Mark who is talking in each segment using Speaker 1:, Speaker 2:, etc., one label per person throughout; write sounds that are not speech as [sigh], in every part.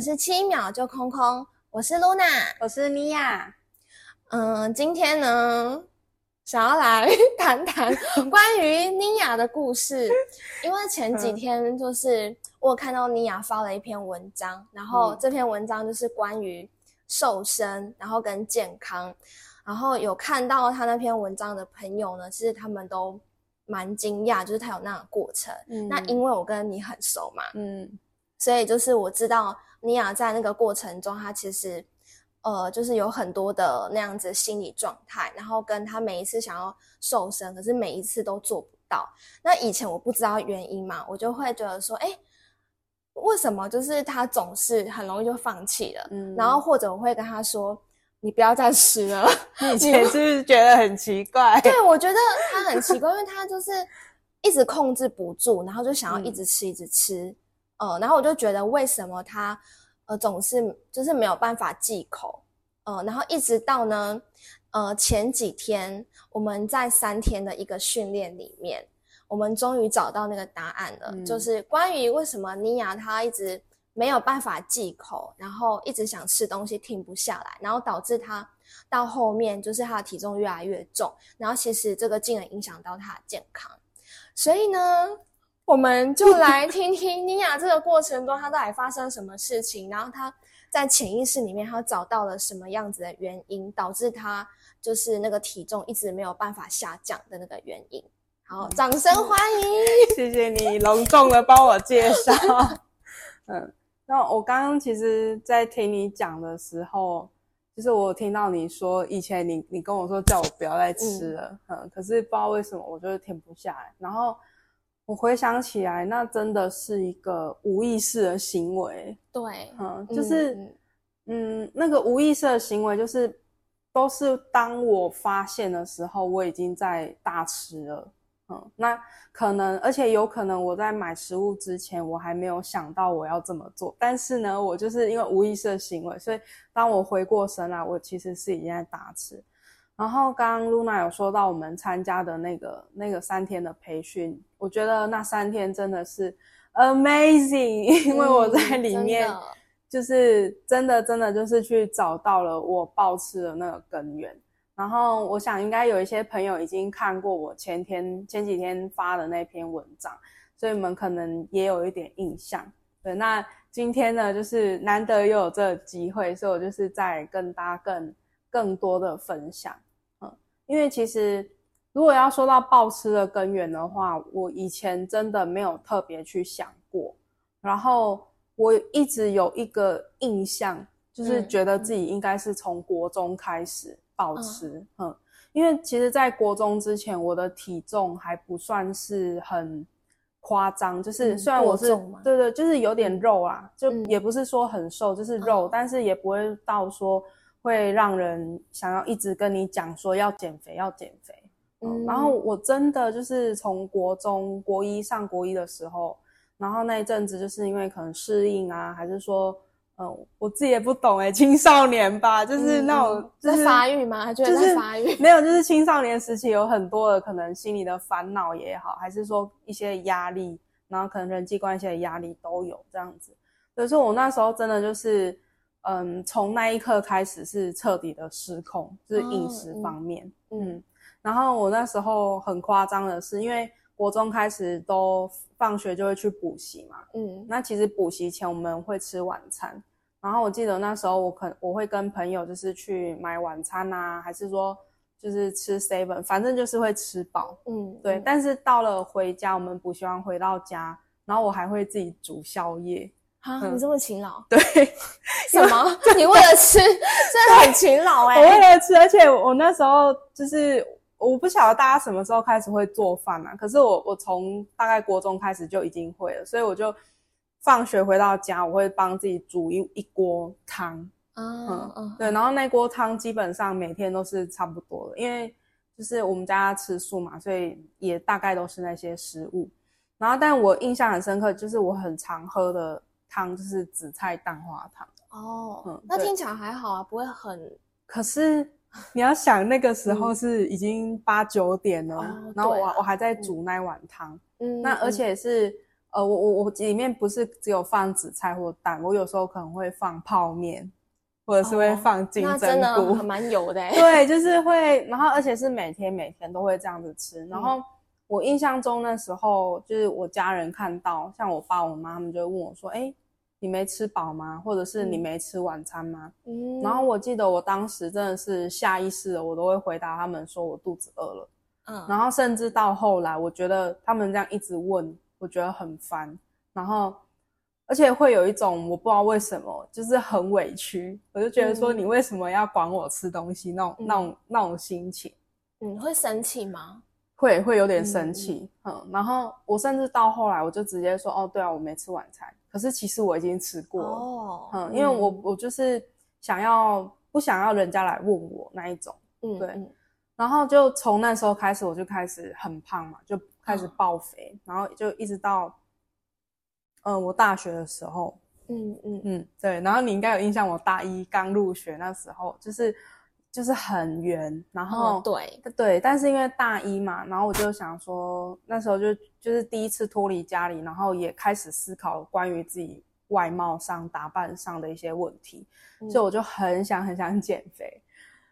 Speaker 1: 是七秒就空空，我是嚕那，我是尼婭。嗯，今天呢想要來談談關於尼婭的故事， [laughs] 因為前幾天就是、嗯、我有看到尼婭發了一篇文章，然後這篇文章就是關於瘦身，然後跟健康，然後有看到她那篇文章的朋友呢，其實他們都蠻驚訝，就是她有那個過程。嗯、那因為我跟你很熟嘛，嗯，所以就是我知道。尼亞在那個過程中，他其實，呃，就是有很多的那樣子的心理狀態，然後跟他每一次想要瘦身，可是每一次都做不到。那以前我不知道原因嘛，我就會覺得說，哎、欸，為什麼就是他總是很容易就放棄了？嗯，然後或者我會跟他說，你不要再吃了。你以前是不是覺得很奇怪？對，我覺得他很奇怪， [laughs] 因為他就是一直控制不住，然後就想要一直吃，一直吃。嗯呃，然後我就覺得為什麼他，呃，總是就是沒有辦法忌口，呃，然後一直到呢，呃，前幾天我們在三天的一個訓練裡面，我們終於找到那個答案了，嗯，就是關於為什麼尼婭她一直沒有辦法忌口，然後一直想吃東西停不下來，然後導致她到後面就是她的體重越來越重，然後其實這個進而影響到她的健康，所以呢。 [laughs] 我們就來聽聽尼婭，啊，這個過程中，他到底發生什麼事情，然後他在潛意識裡面，她找到了什麼樣子的原因，導致他就是那個體重一直沒有辦法下降的那個原因。好，掌聲歡迎，嗯。謝謝你隆重的幫我介紹。 [laughs] 嗯，
Speaker 2: 那我剛剛其實，在聽你講的時候，就是我聽到你說以前你你跟我說叫我不要再吃了，嗯，嗯，可是不知道為什麼，我就停不下來，然後。我回想起來，那真的是一個無意識的行為。
Speaker 1: 對，嗯，就是，
Speaker 2: 嗯，嗯，那個無意識的行為，就是都是當我發現的時候，我已經在大吃了。嗯，那可能，而且有可能我在買食物之前，我還沒有想到我要這麼做。但是呢，我就是因為無意識的行為，所以當我回過神來，啊，我其實是已經在大吃。然後剛剛嚕那有說到我們參加的那個那個三天的培訓，我覺得那三天真的是 amazing，因為我在裡面就是真的真的就是去找到了我暴吃的那個根源。然後我想應該有一些朋友已經看過我前天前幾天發的那篇文章，所以你們可能也有一點印象。對，那今天呢，就是難得又有這個機會，所以我就是再跟大家更更多的分享。因為其實，如果要說到暴吃的根源的話，我以前真的沒有特別去想過。然後我一直有一個印象，就是覺得自己應該是從國中開始暴吃，嗯。嗯嗯，因為其實，在國中之前，我的體重還不算是很誇張，就是雖然我是對，對對，就是有點肉啊，嗯、就也不是說很瘦，就是肉，嗯、但是也不會到說。會讓人想要一直跟你講說要減肥，要減肥。嗯，然後我真的就是從國中國一上國一的時候，然後那一陣子就是因為可能適應啊，還是說，嗯，我自己也不懂誒，青少年吧，就是那種在發育嗎？還覺得在
Speaker 1: 發育？就是，
Speaker 2: 沒有，就是青少年時期有很多的可能心理的煩惱也好，還是說一些壓力，然後可能人際關係的壓力都有這樣子。所以說我那時候真的就是。嗯，從那一刻開始是徹底的失控，就是飲食方面，哦、嗯，嗯嗯，然後我那時候很誇張的是，因為國中開始都放學就會去補習嘛，嗯，那其實補習前我們會吃晚餐，然後我記得那時候我可，我會跟朋友就是去買晚餐啊，還是說就是吃 seven，反正就是會吃飽，嗯，對，嗯，但是到了回家我們補習完回到家，然後我還會自己煮宵夜。啊，你這麼勤勞？嗯、對，什麼？ [laughs] 的你為了吃，真的很勤勞哎，欸！我為了吃，而且我那時候就是我不曉得大家什麼時候開始會做飯嘛，啊，可是我我從大概國中開始就已經會了，所以我就放學回到家，我會幫自己煮一一鍋湯啊啊，對，然後那鍋湯基本上每天都是差不多的，因為就是我們家吃素嘛，所以也大概都是那些食物。然後，但我印象很深刻，就是我很常喝的。湯就是紫菜蛋花湯
Speaker 1: 哦。那聽起來還好啊，不會很。
Speaker 2: 可是你要想，那個時候是已經八九點了，然後我我還在煮那碗湯，嗯，那而且是呃，我我我裡面不是只有放紫菜或蛋，我有時候可能會放泡麵，或者是會放金針菇，還蠻
Speaker 1: 油的。對，
Speaker 2: 就是會，然後而且是每天每天都會這樣子吃。然後我印象中那時候，就是我家人看到，像我爸我媽他們就會問我說：“哎。”你沒吃飽嗎？或者是你沒吃晚餐嗎？嗯，然後我記得我當時真的是下意識的，我都會回答他們說我肚子餓了。嗯，然後甚至到後來，我覺得他們這樣一直問，我覺得很煩。然後，而且會有一種我不知道為什麼，就是很委屈。我就覺得說你為什麼要管我吃東西、嗯、那種那種、嗯、那種心情？你、嗯、會生氣嗎？會會有點生氣。嗯，嗯然後我甚至到後來，我就直接說、嗯、哦，對啊，我沒吃晚餐。可是其實我已經吃過了
Speaker 1: ，oh, 嗯，因為我
Speaker 2: 我就是想要不想要人家來問我那一種，嗯，對，嗯、然後就從那時候開始我就開始很胖嘛，就開始暴肥，oh. 然後就一直到，嗯、呃，我大學的時候，嗯嗯嗯，對，然後你應該有印象，我大一剛入學那時候就是。就是很圓，然後、哦、對對，但是因為大一嘛，然後我就想說，那時候就就是第一次脫離家裡，然後也開始思考關於自己外貌上、打扮上的一些問題，嗯、所以我就很想很想減肥。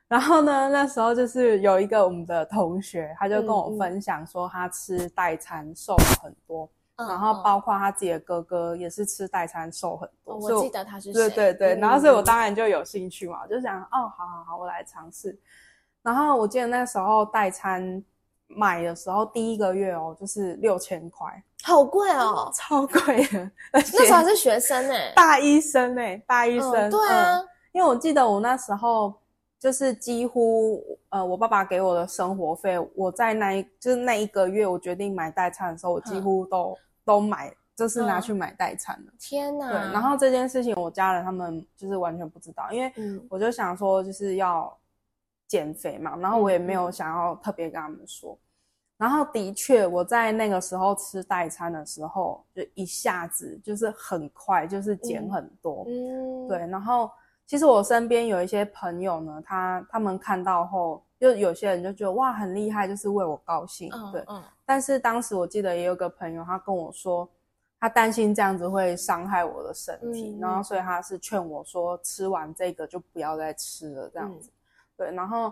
Speaker 2: 然後呢，那時候就是有一個我們的同學，他就跟我分享說，他吃代餐瘦了很多。然後包括他自己的哥哥也是吃代餐瘦很多，嗯我，哦、我記得他是對對對。嗯、然後所以我當然就有興趣嘛，嗯、就想哦，好好好，好，我來嘗試。然後我記得那時候代餐買的時候第一個月哦，就是六千塊，好貴哦，嗯、超貴的。 [laughs] 那時候還是學生呢，欸，大一生呢，欸，大一生。嗯、對啊，嗯，因為我記得我那時候就是幾乎呃，我爸爸給我的生活費，我在那一就是那一個月，我決定買代餐的時候，我幾乎都。嗯都買，就是拿去買代餐了。Oh, 天哪！對，然後這件事情我家人他們就是完全不知道，因為我就想說就是要減肥嘛，嗯、然後我也沒有想要特別跟他們說。嗯、然後的確，我在那個時候吃代餐的時候，就一下子就是很快，就是減很多。嗯，對。然後其實我身邊有一些朋友呢，他他們看到後，就有些人就覺得哇，很厲害，就是為我高興。嗯、對，嗯。但是當時我記得也有個朋友，他跟我說，他擔心這樣子會傷害我的身體，嗯、然後所以他是勸我說，吃完這個就不要再吃了，這樣子，嗯、對，然後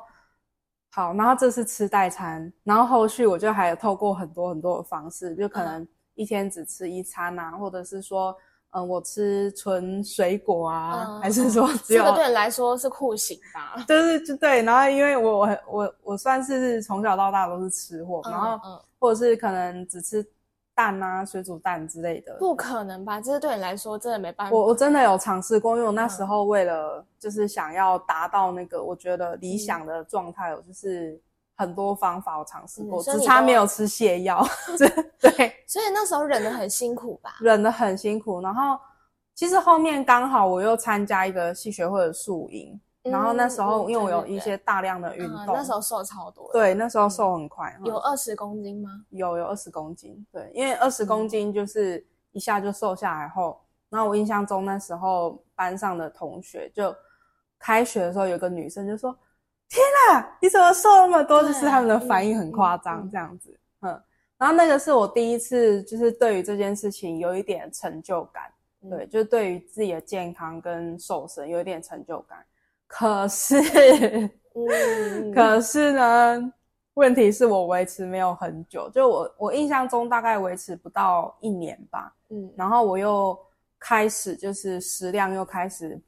Speaker 2: 好，然後這是吃代餐，然後後續我就還有透過很多很多的方式，就可能一天只吃一餐啊，嗯、或者是說，嗯，我吃純水果啊，嗯、還是說只有這個對你
Speaker 1: 來說是酷刑
Speaker 2: 吧？就是就對，然後因為我我我我算是從小到大都是吃貨，然後。嗯嗯或者是可能只吃蛋啊、水煮蛋之類的，不可能吧？這是對你來
Speaker 1: 說真的沒辦法。我我真的
Speaker 2: 有嘗試過，因為我那時候為了就是想要達到那個我覺得理想的狀態，嗯、我就是很多方法我嘗試過，嗯、只差沒有吃瀉藥。 [laughs] 對，所以那時候忍得很辛苦吧？忍得很辛苦。然後其實後面剛好我又參加一個戲劇學會的宿營。然後那時候，因為我有一些大量的運動，嗯呃、那時候瘦超多。對，那時候瘦很快。嗯、有二十公斤嗎？有，有二十公斤。對，因為二十公斤就是一下就瘦下來後，嗯、然後我印象中那時候班上的同學就開學的時候有個女生就說：“天哪，你怎麼瘦那麼多？”就、啊、是他們的反應很誇張，嗯嗯嗯、這樣子。嗯。然後那個是我第一次，就是對於這件事情有一點成就感。嗯、對，就是對於自己的健康跟瘦身有一點成就感。可是，嗯、可是呢，問題是我維持沒有很久，就我我印象中大概維持不到一年吧。嗯，然後我又開始就是食量又開始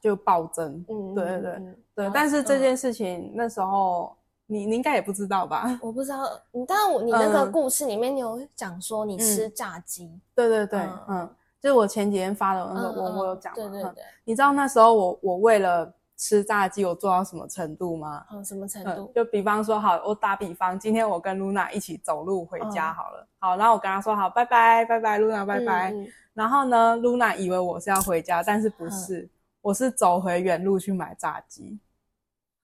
Speaker 2: 就暴增。嗯，對對對對。但是這件事情那時候、嗯、你你應該也不知道吧？
Speaker 1: 我不知道。你，但我你那個故事裡面你有講說你吃炸雞、嗯。
Speaker 2: 對對對，嗯。嗯就我前幾天發的，我我有講過、嗯嗯嗯。對對對，你知道那時候我我為了吃炸雞，我做到什麼程度嗎？什麼程度？嗯、就比方說，好，我打比方，今天我跟 Luna 一起走路回家好了。嗯、好，然後我跟她說，好，拜拜拜拜，Luna 拜拜。嗯、然後呢，Luna 以為我是要回家，但是不是，嗯、我是走回原路去買炸雞。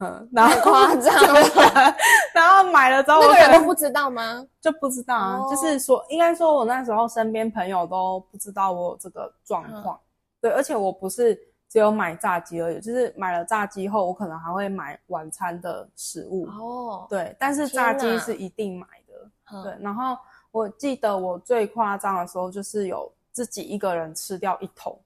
Speaker 2: 嗯，然後誇張了 [laughs] 然後買了之後，大家都不知道嗎？就不知道啊，oh. 就是說，應該說，我那時候身邊朋友都不知道我有這個狀況。Oh. 對，而且我不是只有買炸雞而已，就是買了炸雞後，我可能還會買晚餐的食物。哦
Speaker 1: ，oh. 對，但是炸雞是
Speaker 2: 一定買的。對，然後我記得我最誇張的時候，就是有自己一個人吃掉一桶。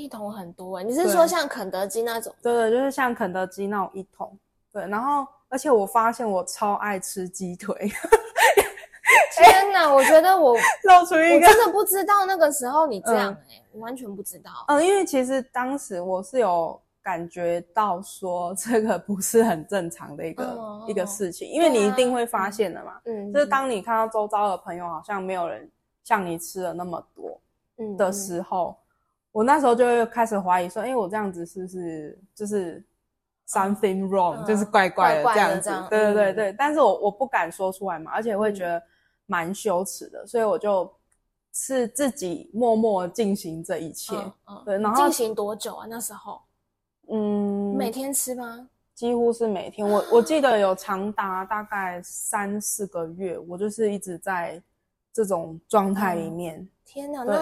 Speaker 1: 一桶很多、欸、你是說像
Speaker 2: 肯德基那種？對對，就是像肯德基那種一桶。對，然後而且我發現我超愛吃雞腿。
Speaker 1: [laughs] 天哪、啊， [laughs] 我覺
Speaker 2: 得我露出一個， [laughs] 我真的不知道那個時候你這樣哎、
Speaker 1: 欸，嗯、我完全不知道
Speaker 2: 嗯。嗯，因為其實當時我是有感覺到說這個不是很正常的一個、嗯、哦哦哦一個事情，因為你一定會發現的嘛。嗯，就是當你看到周遭的朋友好像沒有人像你吃了那麼多，嗯的時候。嗯嗯我那時候就會開始懷疑，說，哎、欸，我這樣子是不是就是 something wrong，uh, uh, 就是怪怪的這樣子？對對對對，嗯、但是我我不敢說出來嘛，而且會覺得蠻羞恥的，嗯、所以我就，是自己默默進行這一切。嗯，uh, uh, 對。然後，進行多久啊？那時候？嗯。每天吃嗎？幾乎是每天。我我記得有長達大概三四個月，我就是一直在這種狀態裡面、
Speaker 1: 嗯。天哪！對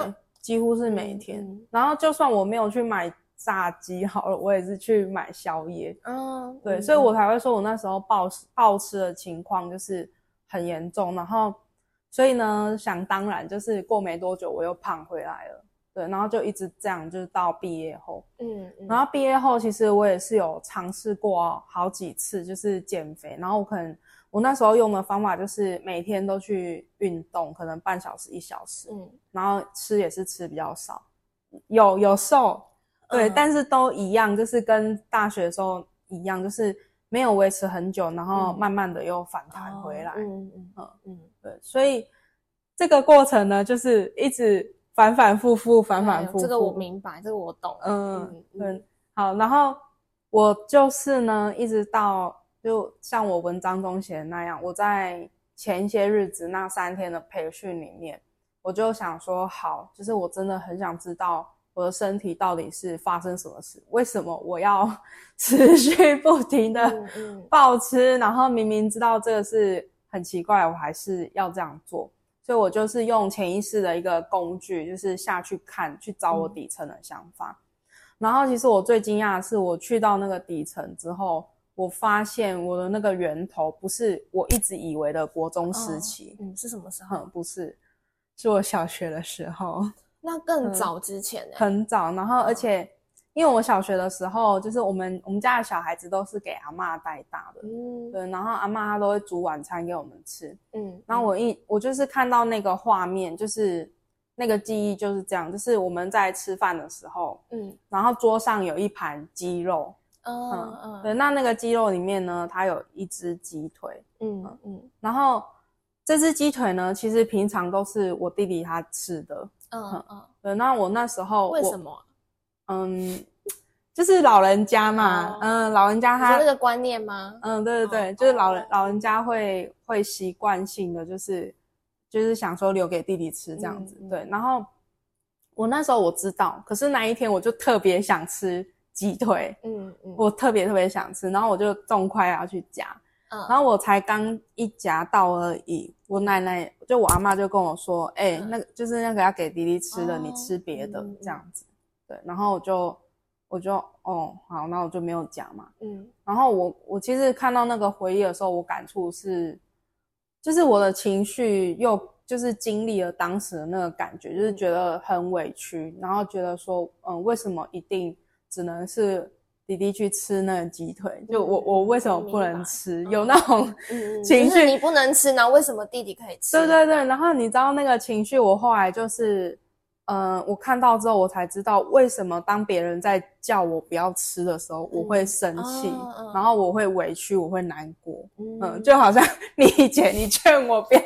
Speaker 2: 幾乎是每一天，嗯嗯，然後就算我沒有去買炸雞好了，我也是去買宵夜。
Speaker 1: 哦、對嗯，嗯，對，所以我才
Speaker 2: 會說我那時候暴食暴吃的情況就是很嚴重，然後所以呢，想當然就是過沒多久我又胖回來了。對，然後就一直這樣，就是到畢業後，嗯，嗯，然後畢業後其實我也是有嘗試過好幾次，就是減肥，然後我可能。我那時候用的方法就是每天都去運動，可能半小時一小時，嗯，然後吃也是吃比較少，有有瘦，對，嗯、但是都一樣，就是跟大學的時候一樣，就是沒有維持很久，然後慢慢的又反彈回來，嗯嗯嗯，
Speaker 1: 嗯嗯
Speaker 2: 對，所以這個過程呢，就是一直反反复复，反反复复，這個我明
Speaker 1: 白，這個我懂了，嗯
Speaker 2: 嗯對，好，然後我就是呢，一直到。就像我文章中寫的那樣，我在前一些日子那三天的培訓裡面，我就想說好，就是我真的很想知道我的身體到底是發生什麼事，為什麼我要持續不停的暴吃，嗯嗯、然後明明知道這個是很奇怪，我還是要這樣做。所以我就是用潛意識的一個工具，就是下去看去找我底層的想法。嗯、然後其實我最驚訝的是，我去到那個底層之後。我發現我的那個源頭不是我一直以為的國中時期，哦、嗯，是什麼時候、嗯？不是，是我小學的時候。
Speaker 1: 那更早之前、
Speaker 2: 欸嗯？很早。然後，而且，嗯、因為我小學的時候，就是我們我們家的小孩子都是給阿嬤帶大的，嗯，對。然後阿嬤她都會煮晚餐給我們吃，嗯。嗯然後我一我就是看到那個畫面，就是那個記憶就是這樣，就是我們在吃飯的時候，嗯。然後桌上有一盤雞肉。嗯嗯，對，那那個雞肉裡面呢，它有一隻雞腿，嗯嗯，然後這隻雞腿呢，其實平常都是我弟弟他吃的，嗯嗯，對，那我那時候為什麼？嗯，就是老人家嘛，嗯，老人家他有那個觀念嗎？嗯，對對對，就是老人老人家會會習慣性的就是就是想說留給弟弟吃這樣子，對，然後我那時候我知道，可是那一天我就特別想吃。雞腿，嗯嗯，嗯我特別特別想吃，然後我就縱快要去夾，嗯，然後我才剛一夾到而已，我奶奶就我阿嬤就跟我說，哎、欸，嗯、那個就是那個要給弟弟吃的，哦、你吃別的這樣子，對，然後我就我就哦好，那我就沒有夾嘛，嗯，然後我我其實看到那個回憶的時候，我感觸是，就是我的情緒又就是經歷了當時的那個感覺，就是覺得很委屈，然後覺得說，嗯，為什麼一定。只能是弟弟去吃那個雞腿，就我我為什麼不能吃？明白，有那種情緒，啊嗯就是、你不能吃，那為什麼弟弟可以吃？對對對，然後你知道那個情緒，我後來就是。嗯，我看到之後，我才知道為什麼當別人在叫我不要吃的時候，我會生氣，然後我會委屈，我會難過。嗯，就好像你以前你勸我不要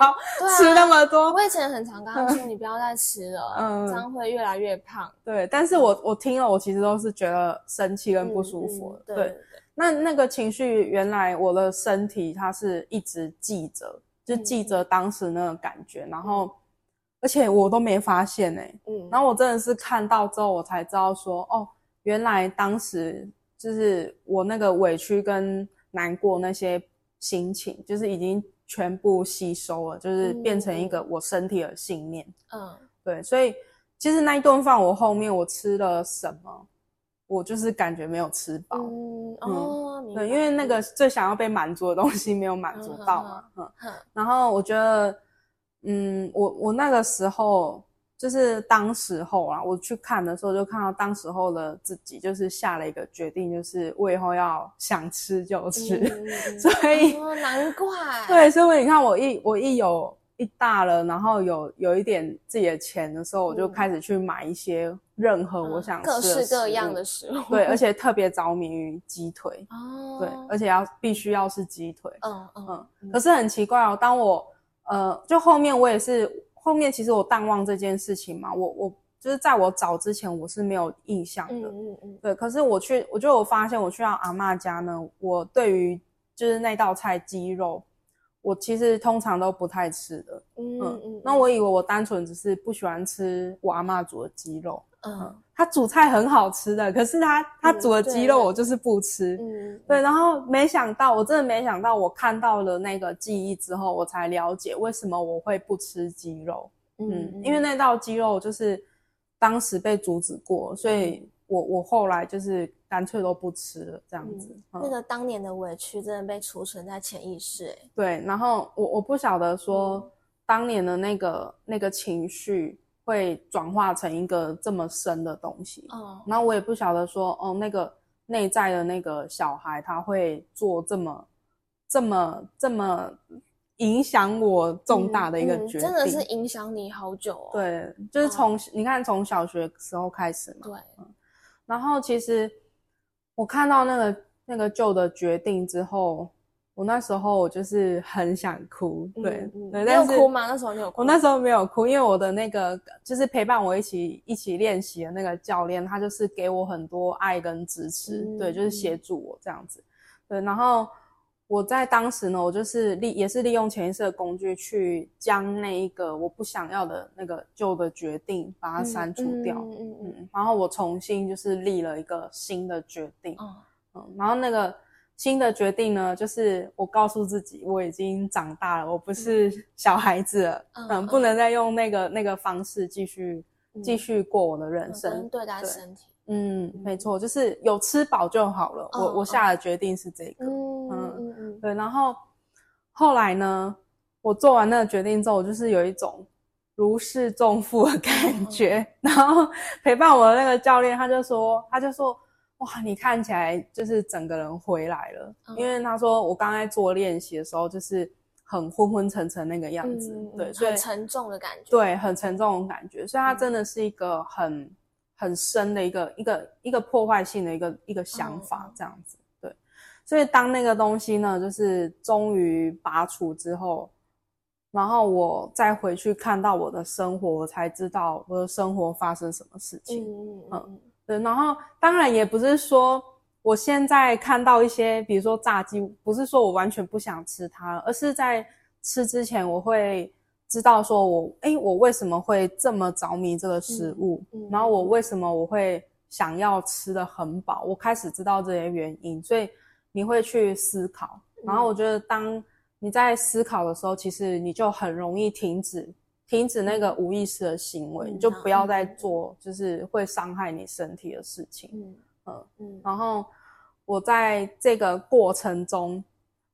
Speaker 2: 吃那麼多，我以前很
Speaker 1: 常跟他說你不要再吃了，這樣會越來越胖。
Speaker 2: 對，但是我我聽了，我其實都是覺得生氣跟不舒服。對對對，那那個情緒原來我的身體它是一直記着，就記着當時那個感覺，然後。而且我都沒發現欸，嗯，然後我真的是看到之後，我才知道說，哦，原來當時就是我那個委屈跟難過那些心情，就是已經全部吸收了，就是變成一個我身體的信念，嗯，對，所以其實那一頓飯我後面我吃了什麼，我就是感覺沒有吃
Speaker 1: 飽，嗯，
Speaker 2: 對，因為那個最想要被滿足的東西沒有滿足到嘛，嗯，然後我覺得。嗯，我我那個時候就是當時候啊，我去看的時候就看到當時候的自己，就是下了一個決定，就是我以後要想吃就吃，嗯、所以、
Speaker 1: 嗯、難怪
Speaker 2: 對，所以你看我一我一有一大了，然後有有一點自己的錢的時候，嗯、我就開始去買一些任何我想吃、嗯、各式各樣的
Speaker 1: 食物，對，而且
Speaker 2: 特別着迷於雞腿哦，對，而且要必須要是雞腿，嗯嗯，嗯嗯可是很奇怪哦，當我。呃，就後面我也是，後面其實我淡忘這件事情嘛，我我就是在我找之前我是沒有印象的，嗯嗯嗯對。可是我去，我就我發現我去到阿嬤家呢，我對於就是那道菜雞肉。我其實通常都不太吃的，嗯嗯，嗯嗯，那我以為我單純只是不喜歡吃我阿嬤煮的雞肉，嗯，嗯，他煮菜很好吃的，可是他他煮的雞肉我就是不吃，嗯，對，對，然後沒想到，我真的沒想到，我看到了那個記憶之後，我才了解為什麼我會不吃雞肉，嗯，嗯，因為那道雞肉就是當時被阻止過，所以我我後來就是。乾脆都不吃了，這樣子。嗯嗯、那個
Speaker 1: 當年的委屈真的被儲存在潛意識，
Speaker 2: 哎，對，然後我我不曉得說、嗯、當年的那個那個情緒會轉化成一個這麼深的東西。哦、嗯。然後我也不曉得說，哦，那個內在的那個小孩他會做這麼這麼這麼影響我重大的一個決定，嗯嗯、真的是影響你好久哦。對，就是從、嗯、你看從小學時候開始嘛。對、嗯。然後其實。我看到那個那個舊的決定之後，我那時候我就是很想哭，對，你有哭嗎？那時候你有哭？我那時候沒有哭，因為我的那個就是陪伴我一起一起練習的那個教練，他就是給我很多愛跟支持，嗯、對，就是協助我、嗯、這樣子，對，然後。我在當時呢，我就是利也是利用潛意識的工具去將那一個我不想要的那個舊的決定，把它刪除掉。嗯嗯、嗯、嗯然後我重新就是立了一個新的決定。哦、嗯。然後那個新的決定呢，就是我告訴自己，我已經長大了，我不是小孩子了。嗯。不能再用那個那個方式繼續、嗯、繼續過我的人生。嗯嗯、對，對待身體。對嗯，沒錯，就是有吃飽就好了。我我下的決定是這個，嗯嗯對。然後後來呢，我做完那個決定之後，我就是有一種如釋重負的感覺。然後陪伴我的那個教練，他就說，他就說，哇，你看起來就是整個人回來了。因為他說，我剛才做練習的時候，就是很昏昏沉沉那個樣子，對，很沉
Speaker 1: 重的感覺，對，
Speaker 2: 很沉重的感覺，所以他真的是一個很。很深的一個一個一個破壞性的一個一個想法，這樣子，oh. 對。所以當那個東西呢，就是終於拔除之後，然後我再回去看到我的生活，我才知道我的生活發生什麼事情。Mm-hmm. 嗯嗯。對，然後當然也不是說我現在看到一些，比如說炸雞，不是說我完全不想吃它，而是在吃之前我會。知道說我哎、欸，我為什麼會這麼着迷這個食物？嗯嗯、然後我為什麼我會想要吃得很飽？我開始知道這些原因，所以你會去思考。然後我覺得，當你在思考的時候，嗯、其實你就很容易停止，停止那個無意識的行為，嗯、你就不要再做就是會傷害你身體的事情。嗯，嗯、然後我在這個過程中，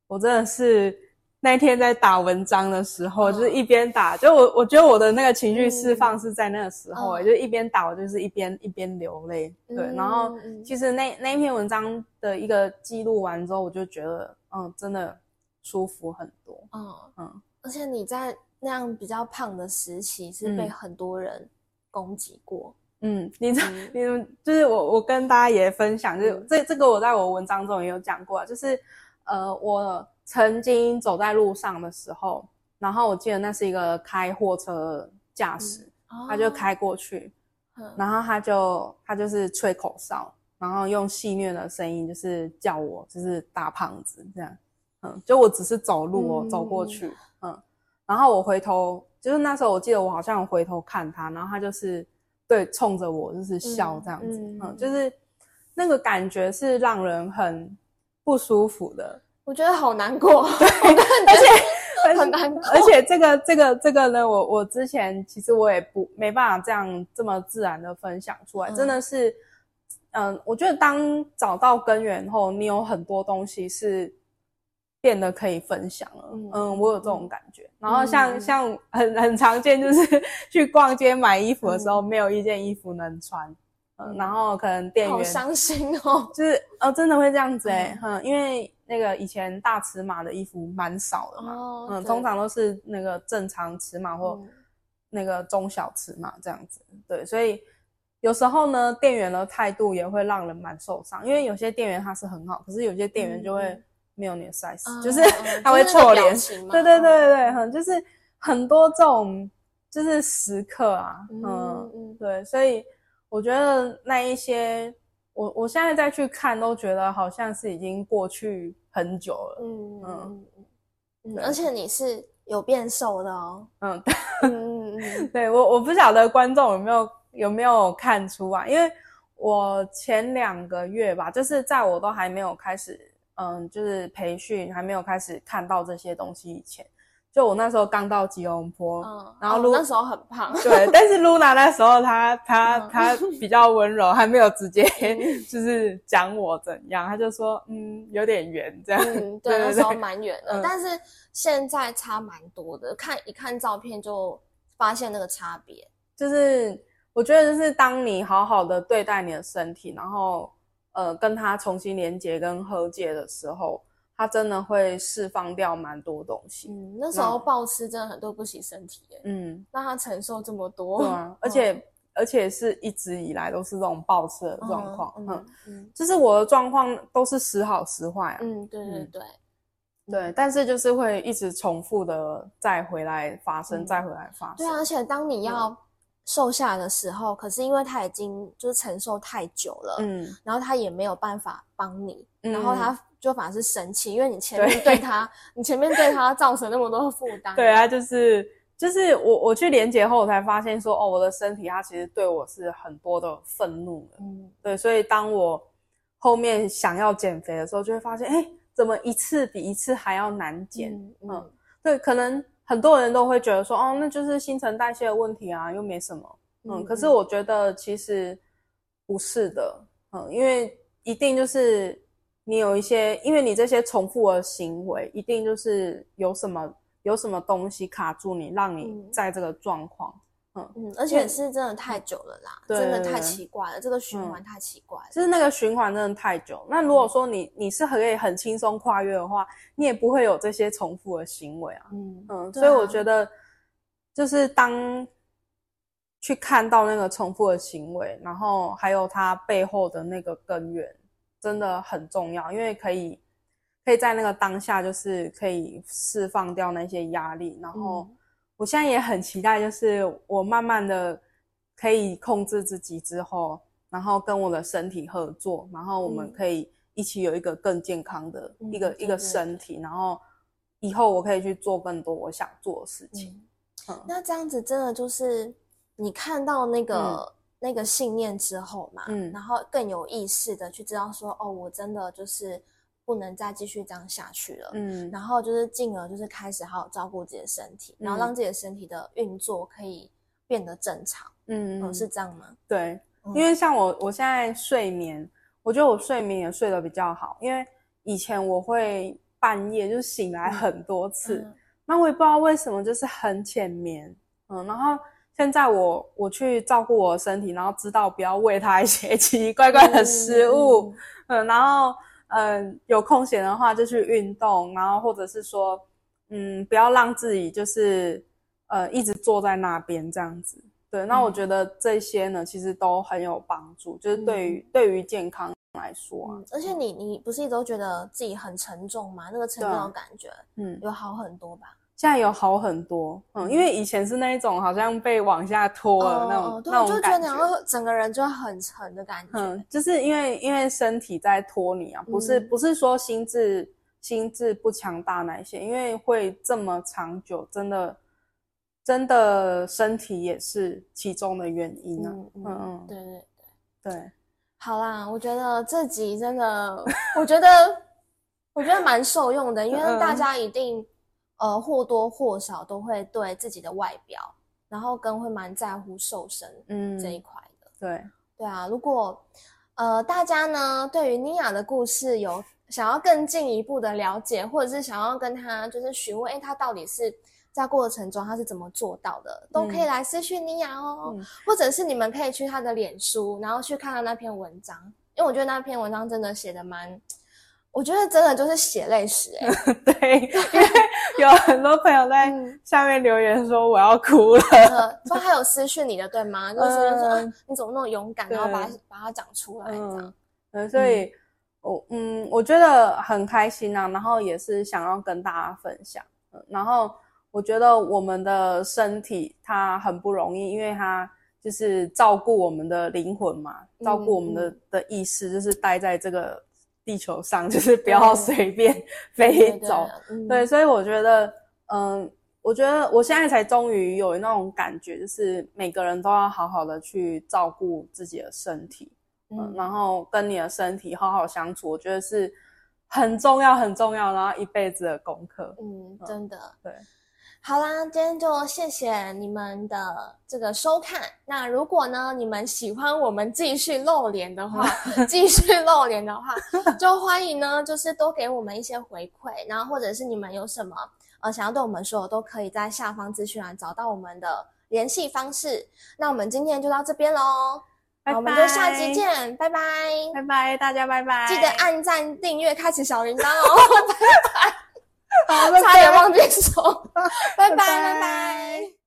Speaker 2: 我真的是。那一天在打文章的時候，哦、就是一邊打，就我我覺得我的那個情緒釋放是在那個時候就、嗯、就一邊打，我就是一邊、嗯、一邊流淚。對，嗯、然後其實那那一篇文章的一個記錄完之後，我就覺得嗯，真的舒服很多。嗯
Speaker 1: 嗯，嗯而且你在那樣比較胖的時期是被很多人攻擊過。
Speaker 2: 嗯，嗯，你嗯你就是我，我跟大家也分享，就這、嗯、這個我在我文章中也有講過，就是呃我。曾經走在路上的時候，然後我記得那是一個開貨車的駕駛，嗯哦、他就開過去，嗯、然後他就他就是吹口哨，然後用戲謔的聲音就是叫我，就是大胖子這樣，嗯，就我只是走路，哦，走過去，嗯,嗯，然後我回頭，就是那時候我記得我好像回頭看他，然後他就是對衝着我就是笑這樣子，嗯,嗯,嗯，就是那個感覺是讓人很不舒服的。
Speaker 1: 我覺得好難過，對，而且很難過，而且
Speaker 2: 這個這個這個呢，我我之前其實我也不沒辦法這樣這麼自然的分享出來，真的是，嗯，我覺得當找到根源後，你有很多東西是變得可以分享了，嗯，我有這種感覺。然後像像很很常見，就是去逛街買衣服的時候，沒有一件衣服能穿，嗯，然後可能店員好傷心哦，就是哦，真的會這樣子哎，哼，因為。那個以前大尺碼的衣服蠻少的嘛，oh, 對嗯，通常都是那個正常尺碼或那個中小尺碼這樣子，嗯、對，所以有時候呢，店員的態度也會讓人蠻受傷，因為有些店員他是很好，可是有些店員就會沒有你的 size、嗯。就是、oh, [laughs] 他會臭臉，嘛對對對對，很就是很多這種就是時刻啊，嗯嗯，對，所以我覺得那一些。我我現在再去看，都覺得好像是已經過去很久了。嗯嗯嗯，嗯而
Speaker 1: 且你是有變瘦的哦。嗯嗯，對，嗯
Speaker 2: 對，我我不曉得觀眾有沒有有沒有看出啊？因為我前兩個月吧，就是在我都還沒有開始，嗯，就是培訓還沒有開始看到這些東西以前。就我那時候剛到吉隆坡，嗯、然後、啊、那時候很胖，對。 [laughs] 但是嚕那那時候她她、嗯、她比較溫柔，還沒有直接就是講我怎樣，她就說嗯有點圓這樣，對，那時候蠻圓的，嗯、但是
Speaker 1: 現在差蠻多的，看一看照片就發現那個差別。
Speaker 2: 就是我覺得，就是當你好好的對待你的身體，然後呃，跟它重新連接跟和解的時候。他真的會釋放掉蠻多東西。嗯，那時候暴吃真的很對不起身體，嗯，
Speaker 1: 讓他承受這麼多，
Speaker 2: 而且而且是一直以來都是這種暴吃的狀況。嗯，就是我的狀況都是時好時壞。嗯，對對對，但是就是會一直重複的再回來發生，再回來發生。對，
Speaker 1: 而且當你要。瘦下的時候，可是因為他已經就是承受太久了，嗯，然後他也沒有辦法幫你，嗯、然後他就反而是
Speaker 2: 生氣，嗯、因為你前面對
Speaker 1: 他，對你前面對他造成那麼多的負擔，對啊，
Speaker 2: 就是就是我我去連接後，才發現說，哦，我的身體它其實對我是很多的憤怒的，嗯，對，所以當我後面想要減肥的時候，就會發現，哎、欸，怎麼一次比一次還要難減？嗯，嗯，嗯，對，可能。很多人都會覺得說，哦，那就是新陳代謝的問題啊，又沒什麼。嗯，可是我覺得其實不是的，嗯，因為一定就是你有一些，因為你這些重複的行為，一定就是有什麼有什麼東西卡住你，讓你在這個狀況。嗯嗯，而且是
Speaker 1: 真的太久了啦，對真的太奇怪
Speaker 2: 了。對這個循環太奇怪了，就是、嗯、那個循環真的太久。嗯、那如果說你你是可以很輕鬆跨越的話，你也不會有這些重複的行為啊。嗯嗯，嗯啊、所以我覺得，就是當去看到那個重複的行為，然後還有它背後的那個根源，真的很重要，因為可以可以在那個當下，就是可以釋放掉那些壓力，然後、嗯。我現在也很期待，就是我慢慢的可以控制自己之後，然後跟我的身體合作，然後我們可以一起有一個更健康的一個、嗯、一個身體，嗯、對對對，然後以後我可以去做更多我想做的事情。嗯嗯、
Speaker 1: 那這樣子真的就是你看到那個、嗯、那個信念之後嘛，嗯、然後更有意識的去知道說，哦，我真的就是。不能再繼續這樣下去了，嗯，然後就是進而就是開始好好照顧自己的身體，嗯、然後讓自己的身體的運作可以變得正常，嗯、哦，是這樣嗎？
Speaker 2: 對，嗯、因為像我，我現在睡眠，我覺得我睡眠也睡得比較好，因為以前我會半夜就醒來很多次，嗯嗯、那我也不知道為什麼，就是很淺眠，嗯，然後現在我我去照顧我的身體，然後知道不要餵它一些奇奇怪怪的食物，嗯，嗯，嗯，然後。嗯、呃，有空閒的話就去運動，然後或者是說，嗯，不要讓自己就是，呃，一直坐在那邊這樣子。對，那我覺得這些呢，嗯、其實都很有幫助，就是對於、嗯、對於健康來說啊。嗯、
Speaker 1: 而且你你不是一直都覺得自己很沉重嗎？那個沉重的感覺，嗯，有好很多吧？
Speaker 2: 現在有好很多，嗯，因為以前是那一種好像被往下拖了。哦、那種，哦、對，那種感覺，
Speaker 1: 然後整個人就會很沉的感覺。嗯，
Speaker 2: 就是因為因為身體在拖你啊，不是、嗯、不是說心智心智不強大那些，因為會這麼長久，真的真的身體也是其中的原因啊。嗯嗯，對、嗯嗯、對對對，對，
Speaker 1: 好啦，我覺得這集真的， [laughs] 我覺得我覺得蠻受用的，因為大家一定、嗯。呃，或多或少都會對自己的外表，然後跟會蠻在乎瘦身，嗯，這一塊的。對對啊，如果呃大家呢，對於妮亞的故事有想要更進一步的了解，或者是想要跟她就是詢問，哎，她到底是在過程中她是怎麼做到的，嗯、都可以來私訊妮亞哦，嗯、或者是你們可以去她的臉書，然後去看她那篇文章，因為我覺得那篇文章真的寫得蠻。我覺得真的就是血淚史哎， [laughs] 對，因
Speaker 2: 為有很多朋友在下面留言說我要哭了，
Speaker 1: 說他有私訊你的對嗎？嗯、就是說、啊、你怎麼那麼勇敢，對然後把他
Speaker 2: 把它講出來這樣。嗯對，所以嗯我嗯，我覺得很開心啊，然後也是想要跟大家分享。然後我覺得我們的身體它很不容易，因為它就是照顧我們的靈魂嘛，照顧我們的、嗯、的意識，就是待在這個。地球上就是不要隨便飛走，對，對，對，對，嗯、對，所以我覺得，嗯，我覺得我現在才終於有那種感覺，就是每個人都要好好的去照顧自己的身體，嗯，嗯，然後跟你的身體好好相處，我覺得是很重要、很重要，然後一輩子的功課，嗯，真的，對。
Speaker 1: 好啦，今天就謝謝你們的這個收看。那如果呢，你們喜歡我們繼續露臉的話，繼 [laughs] 續露臉的話，就歡迎呢，就是多給我們一些回饋。然後或者是你們有什麼，呃，想要對我們說的，都可以在下方資訊欄找到我們的聯繫方式。那我們今天就到這邊嘍，拜拜，啊，我們就下期見，拜拜，拜拜大家，拜拜，拜拜記得按讚、訂閱、開啟小鈴鐺哦， [laughs] 拜拜。
Speaker 2: 啊、拜拜，差點忘記
Speaker 1: 說，拜拜、啊、拜拜。拜拜，拜拜。